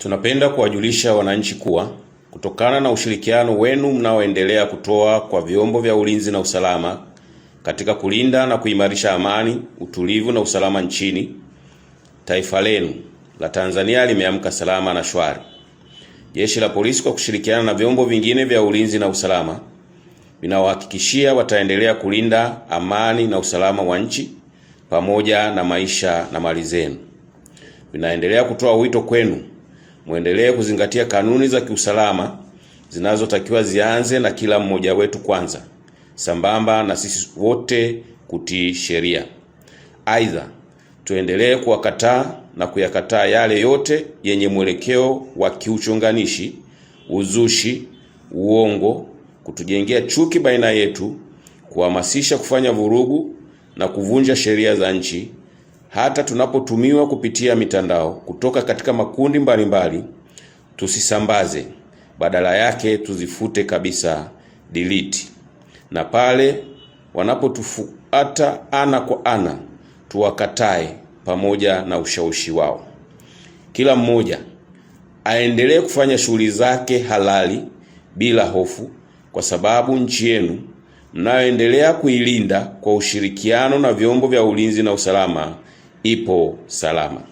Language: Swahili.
Tunapenda kuwajulisha wananchi kuwa kutokana na ushirikiano wenu mnaoendelea kutoa kwa vyombo vya ulinzi na usalama katika kulinda na kuimarisha amani, utulivu na usalama nchini, taifa lenu la Tanzania limeamka salama na shwari. Jeshi la Polisi kwa kushirikiana na vyombo vingine vya ulinzi na usalama vinawahakikishia wataendelea kulinda amani na usalama wa nchi pamoja na maisha na mali zenu. Vinaendelea kutoa wito kwenu mwendelee kuzingatia kanuni za kiusalama zinazotakiwa zianze na kila mmoja wetu kwanza, sambamba na sisi wote kutii sheria. Aidha, tuendelee kuwakataa na kuyakataa yale yote yenye mwelekeo wa kiuchonganishi, uzushi, uongo, kutujengea chuki baina yetu, kuhamasisha kufanya vurugu na kuvunja sheria za nchi hata tunapotumiwa kupitia mitandao kutoka katika makundi mbalimbali tusisambaze, badala yake tuzifute kabisa, delete. Na pale wanapotufuata ana kwa ana tuwakatae pamoja na ushawishi wao. Kila mmoja aendelee kufanya shughuli zake halali bila hofu, kwa sababu nchi yenu mnayoendelea kuilinda kwa ushirikiano na vyombo vya ulinzi na usalama ipo salama.